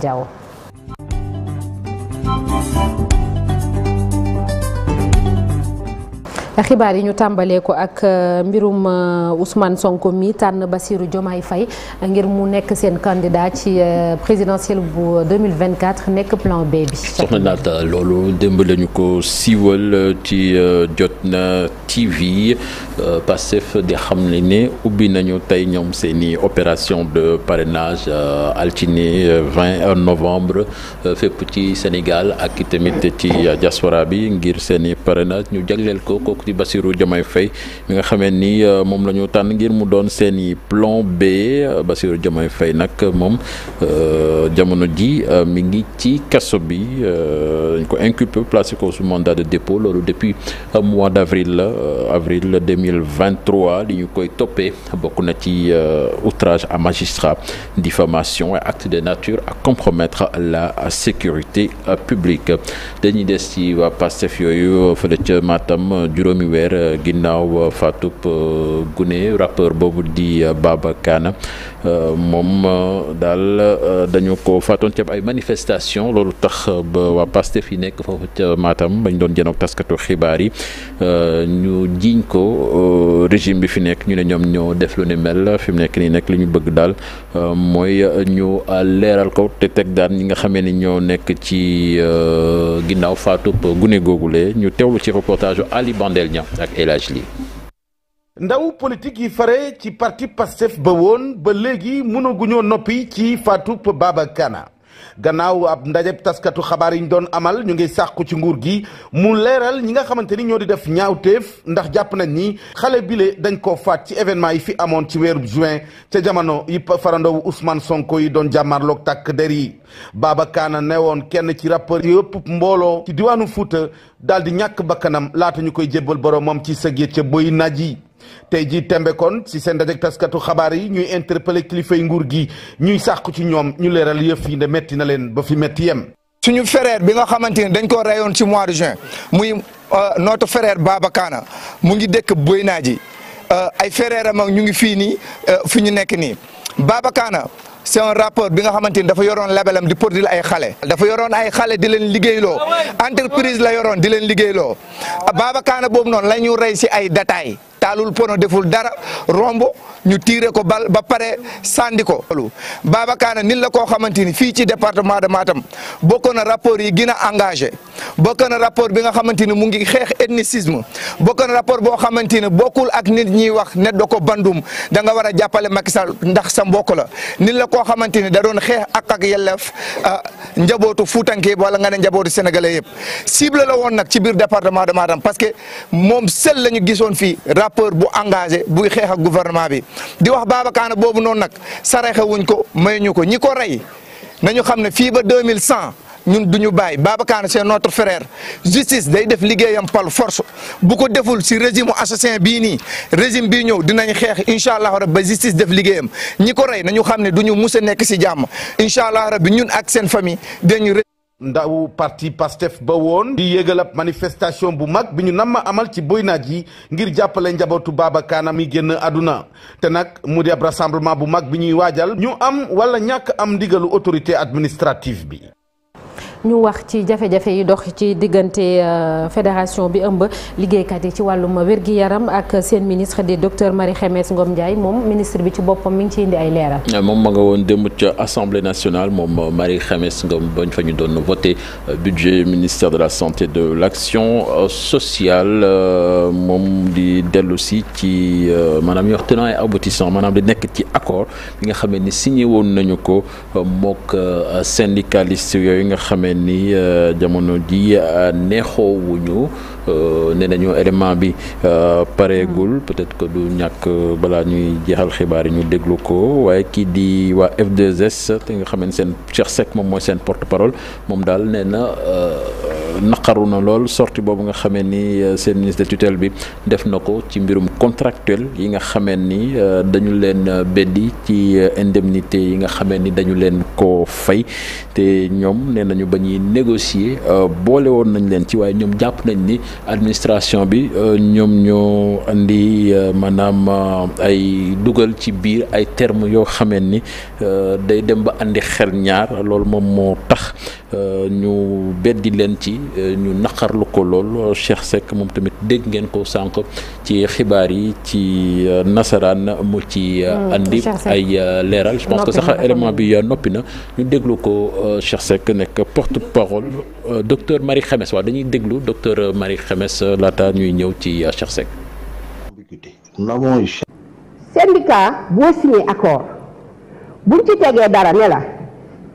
Diao. xibaar yi ñu tàmbalee ko ak euh, mbirum euh, Ousmane Sonko mi tànn Bassirou Diomaye fay ngir mu nekk seen candidat ci euh, présidentielle bu 2024 nekk plan B bi. soxna naata loolu démb lañu ko siiwal ci Jotna TV Euh, Pastef di xam ne ne ubbi nañu tey ñoom seeni opération de parrainage euh, altine 20 euh, novembre fépp ci Sénégal ak i tamit ci diaspora bi ngir seeni parrainage ñu jagleel ko kooku ci Bassirou Diomaye Faye mi nga xamee ni moom la ñu tànn ngir mu doon seeni plan B basiru jamay Faye nag moom jamono ji mi ngi ci kaso bi ñu ko inculpé placé ko sous mandat de dépôt loolu depuis mois d' avril avril 2023 li ñu koy toppee bokk na ci euh, outrage à magistrat diffamation et acte de nature à compromettre la sécurité euh, publique dañuy des ci waa Pastef yooyu fële ca Matam juróomi weer euh, ginnaaw faatub gune rappeur boobu di Baba Kana Euh, moom euh, daal euh, dañu ko faatoon ci ay manifestation loolu tax ba waa Pastef yi nekk foofu ca maatam bañ doon jënoog taskatu xibaar yi ñu jiiñ ko régime bi fi nekk ñu ne ñoom ñoo def lu ne mel fi mu nekk nii nag li ñu bëgg daal mooy ñu leeral ko te teg daan ñi nga xamee ni ñoo nekk ci ginnaaw faatub gune googule ñu teewlu ci reportage Ali ña ak El Hadj ndaw politique yi fare ci parti Pastef ba woon ba léegi mënaguñoo noppi ci faatu Baba Kana gannaaw ab ndaje taskatu xabaar yi ñu doon amal ñu ngi sàkku ci nguur gi mu leeral ñi nga xamante ni ñoo di def ñaawteef ndax jàpp nañ ni xale bile dañ koo faat ci événement yi fi amoon ci weeru juin ca jamono yi farandoowu Ousmane Sonko yi doon jàmmarloog tàkk der yi Baba Kana woon kenn ci rappeur yëpp mbooloo ci diwaanu Fuuta daal di ñàkk bakkanam laata ñu koy jébbal borom moom ci sëg ca boy naaj yi tey jii tembekoon si seen dajeg taskatu xabaar yi ñuy interpellé kilifay nguur gi ñuy sàkku ci ñoom ñu leeral yëf yi ne metti na leen ba fi metti yem suñu frère bi nga xamante ne dañ ko rayoon si mois de juin muy euh, notre frère Baba Kana mu ngi dëkk Boynaaji euh, ay frère am ñu ngi fii nii euh, fi ñu nekk nii Baba Kana c'est rapport bi nga xamante ni dafa yoroon labelam di produire ay xale dafa yoroon ay xale di leen liggéeyloo entreprise la yoroon di leen liggéeyloo Baba boobu noonu la ñu rey si ay détails taalul pono deful dara rombo ñu tiire ko bal ba pare sandi ko loolu Baba Kaane nit la koo xamante ni fii ci département de Matam bokkoon na rapport yi gën a engagé bokk na rapport bi nga xamante ne mu ngi xeex ethnicisme bokk na rapport boo xamante ne bokkul ak nit ñuy wax ne da ko bandum da nga war a jàppale Macky Sall ndax sa mbokk la nit la koo xamante ne da doon xeex ak ak yelleef ah, njabootu Fuutanke wala nga ne njabootu sénégalais yëpp cible la woon nag ci biir département de Matam parce que moom seul la ñu gisoon fii rapport bu engagé buy xeex gouvernement bi di wax Babacar boobu noonu nag saraxe wuñ ko may ñu ko ñi ko rey nañu xam ne fii ba deux mille cent ñun du ñu bàyyi Babacar c'est notre frère justice day def liggéeyam par force bu ko deful si régime assassin bii nii régime bii ñëw dinañ xeex incha allah rab ba justice def liggéeyam ñi ko rey nañu xam ne du ñu mus nekk si jàmm incha allah rab bi ñun ak seen famille dañu. ndaw parti pastef ba woon di yégal ab manifestation bu mag bi ñu namm amal ci boy nag yi ngir jàppale njabootu Baba Kaanam yi génn àdduna te nag mu di ab rassemblement bu mag bi ñuy waajal ñu am wala ñàkk am ndigalu autorité administrative bi ñu wax ci jafe-jafe yi dox ci diggante euh, fédération bi ëmb liggéeykat yi ci wàllum wér-gi-yaram ak seen ministre di docteur Marie Khemesse Ngom Ndiaye moom ministre bi ci boppam mi ngi ciy indi ay leeral. Euh, moom ma nga woon démb ca assemblée nationale moom euh, Marie Khemesse Ngom bañ fa ñu doon voté budget ministère de la santé de l' action sociale moom di dellu si ci maanaam yoo xam ay aboutissant maanaam di nekk ci accord bi nga xam ni signé woon nañu ko mook syndicaliste yooyu nga xamee mel ni euh, jamono ji euh, neexoowuñu euh, ne nañu élément bi pareegul hmm. peut-être que du ñàkk balaa ñuy jeexal xibaar yi ñu déglu ko waaye kii di waa f te nga xam seen Cheikh Seck moom mooy seen porte-parole moom daal nee na. naqaru na lool sorti boobu nga xamee ni euh, seen ministre de bi def na ko ci mbirum contractuel yi nga xamee ni euh, dañu leen euh, beddi ci indemnité yi nga xamee ni dañu leen ko fay te ñoom nee nañu ba ñuy négocier boole woon nañ leen ci waaye ñoom jàpp nañ ni administration bi ñoom ñoo andi maanaam ay dugal ci biir ay termes yoo xamee ni day dem ba indi xel ñaar loolu moom moo tax ñu beddi leen ci Euh, ñu naqarlu ko lool Cheikh Seck moom tamit dégg ngeen ko sànq ci xibaar yi ci euh, nasaraan mu ci euh, hmm, andi ay leeral je pense que sax élément bi noppi na ñu déglu ko Cheikh Seck nekk porte parole docteur Marie Xemes waaw dañuy déglu docteur Marie Xemes laata ñuy ñëw ci Cheikh Seck syndicat boo signé accord buñ ci tegee dara ne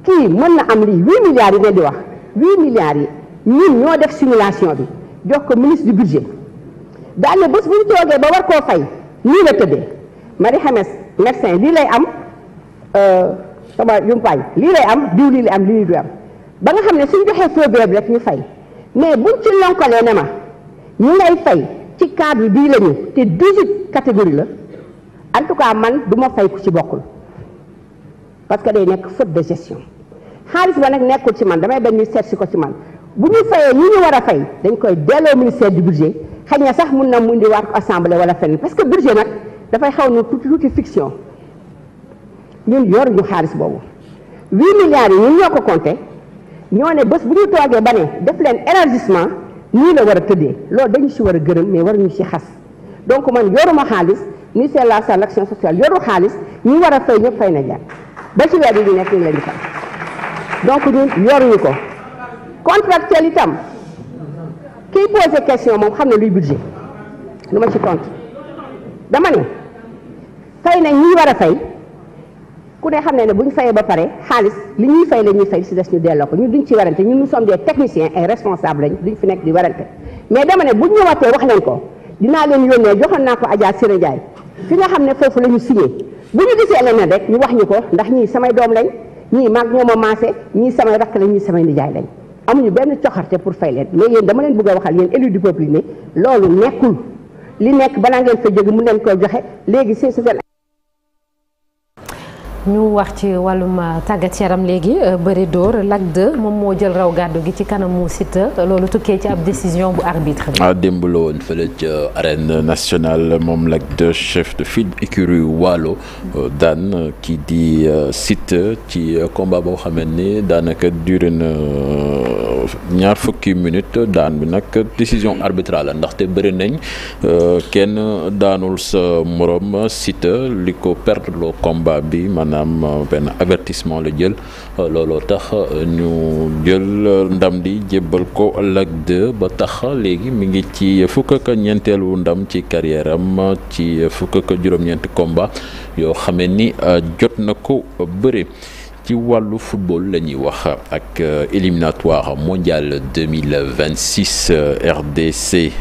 kii mën na am lii huit milliards yi ngeen di wax huit milliards yi ñun ñoo def simulation bi jox ko ministre du budget daal ne bés bu ñu toogee ba war koo fay nii la tëddee Marie Xames médecin lii lay am sama euh, yumpaañ lii lay am diw lii lay am lii du am ba nga xam ne suñ joxee feu bi rek ñu fay mais buñ ci lonkalee ne ma ñu ngay fay ci cadre bii la ñu te 18 catégorie la en tout cas man du ma fay ci bokkul parce que day nekk faute de gestion xaalis ba nag nekkul ci man damay bañ ñu seet si ko ci man bu ñu fayee li ñu war a fay dañ koy delloo ministère du budget xëy na sax mun na mu indi waat ko assemblée wala fenn parce que budget nag dafay xaw na tuuti tuuti fiction ñun yor ñu xaalis boobu. 8 milliards yi ñu ñoo ko compté ñoo ne bés bu ñu toogee ba ne def leen élargissement nii la war a tëddee loolu dañu si war a gërëm mais waruñu si xas donc man yoruma xaalis ministère la l'action sociale yoru xaalis ñu war a fay ñëpp fay na jaar ba ci weer bi ñu donc ñun ko. contractuel itam kiy posé question moom xam ne luy budget lu ma ci tontu dama ne fay nañ ñi war a fay ku ne xam ne ne bu ñu fayee ba pare xaalis li ñuy fay la ñuy fay si des ñu delloo ko ñun duñ ci warante ñun nous sommes des techniciens ay responsables lañ duñ fi nekk di warante mais dama ne bu ñu ñëwaatee wax leen ko dinaa leen yónnee joxoon naa ko ajaat Sira fi nga xam ne foofu la ñu signé bu ñu gisee ne rek ñu wax ñu ko ndax ñii samay doom lañ ñii maag ñoo ma ñii samay rakk lañ ñii samay nijaay lañ amuñu benn coxarte pour fay leen mais yéen dama leen bëgg a waxal yéen élu du peuple yi ne loolu nekkul li nekk balaa ngeen fa jóge mu leen koy joxe léegi c'est ñu wax ci wàllum tàggat yaram léegi euh, bëri door Lac 2 moom moo jël raw gàddu gi ci kanamu Siteu loolu tukkee ci ab décision bu arbitre bi. ah démb fële ca arène nationale moom Lac 2 chef de file écurie Waalo euh, daan euh, kii di Siteu ci combat boo xam ne daanaka duré na ñaar fukki minutes daan bi nag décision arbitrale la ndaxte bëri nañ kenn daanul sa morom Siteu li ko perdre le combat bi maanaam. maanaam euh, benn avertissement la jël euh, looloo tax euh, ñu jël ndam di jébbal ko Lac ba tax léegi mu ngi ci fukk ak ñeenteelu ndam ci carrière ci fukk ak juróom-ñeenti combat yoo xamee ni jot na ko bëre ci wàllu football la ñuy wax ak éliminatoire mondial 2026 RDC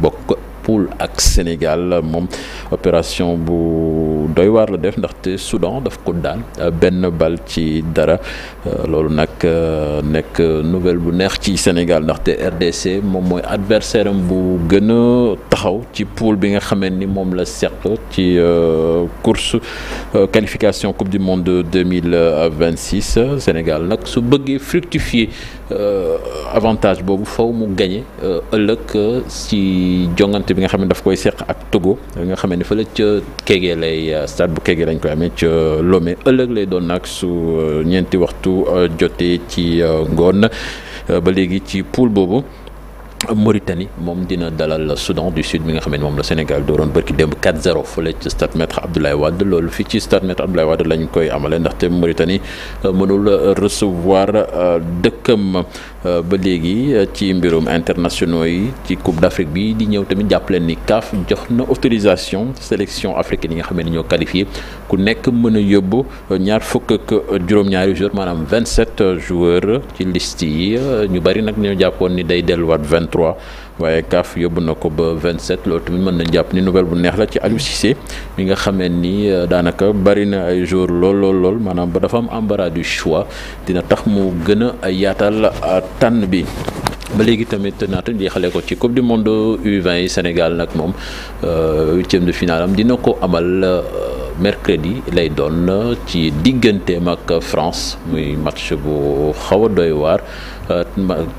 bokk poule ak Sénégal moom opération bu dooy waar la def ndaxte Soudan daf ko daan euh, benn bal ci dara euh, loolu nag euh, nekk nouvelle bu neex ci Sénégal ndaxte RDC moom mooy adversaire bu gën a taxaw ci poule bi nga xamee ni moom la seq ci course qualification coupe du monde 2026 Sénégal nag su bëggee fructifier Euh, avantage boobu fow mu gagné euh, ëllëg euh, ci jongante bi nga xam ne daf koy seq ak Togo nga xam ne fële ca Kégé lay stade bu Kégé lañ koy amee ca Lomé ëllëg lay doon nag su ñeenti waxtu jotee ci ngoon ba léegi ci poule boobu. Mauritanie moom dina dalal Soudan du Sud mi nga xam ne moom la Sénégal dooroon bërki démb 4 ci stade maître Abdoulaye loolu fii ci stade maître Abdoulaye Wade koy amale ndaxte Mauritanie euh, mënul euh, recevoir euh, dëkkam ba léegi ci mbirum internationaux yi ci Coupe d'Afrique bi di ñëw tamit jàpp leen ni CAF jox na autorisation sélection africaine yi nga xam ne ñoo qualifié ku nekk mën a yóbbu ñaar fukk ak juróom-ñaari joueurs maanaam 27 joueurs ci liste yi ñu 23 waaye CAF yóbbu na ko ba 27 loolu tamit mën na jàpp ni nouvelle bu neex la ci Aliou Cissé mi nga xamee ni euh, daanaka bari na ay jour lool lool lool maanaam ba dafa am embarras du choix dina tax mu gën a yaatal euh, tànn bi. ba léegi tamit naata jeexale ko ci coupe du monde U20 Sénégal nag moom euh, huitième de finale am dina ko amal. mercredi lay doon ci digganteem ak France muy match bu xaw a doy waar euh,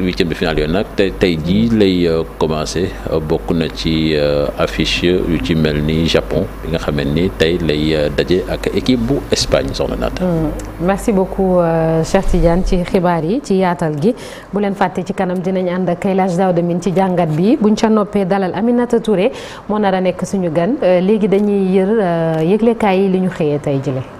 huitième de finale yooyu nag tey tey jii lay euh, commencé euh, bokk na ci affiche yu ci mel ni Japon bi nga xamee ni tey lay daje ak équipe bu Espagne soxna naata. Mm, merci beaucoup Cheikh Tidiane ci xibaar yi ci yaatal gi bu leen fàtte ci kanam dinañ ànd ak Kailash Daouda ci jàngat bi buñ ca noppee dalal Aminata Touré moo nar nekk suñu gan léegi dañuy yër yëgle tay li ñu xëyee tey jële